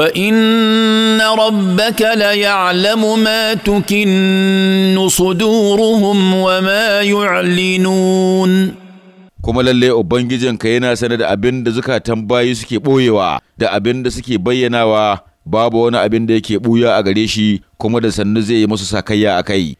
وان ربك ليعلم ما تكن صدورهم وما يعلنون kuma lalle ubangijinka yana sanar da abin da zukatan bayi suke ɓoyewa da abin da suke bayyanawa babu wani abin da yake ɓuya a gare shi kuma da sannu zai yi musu sakayya a kai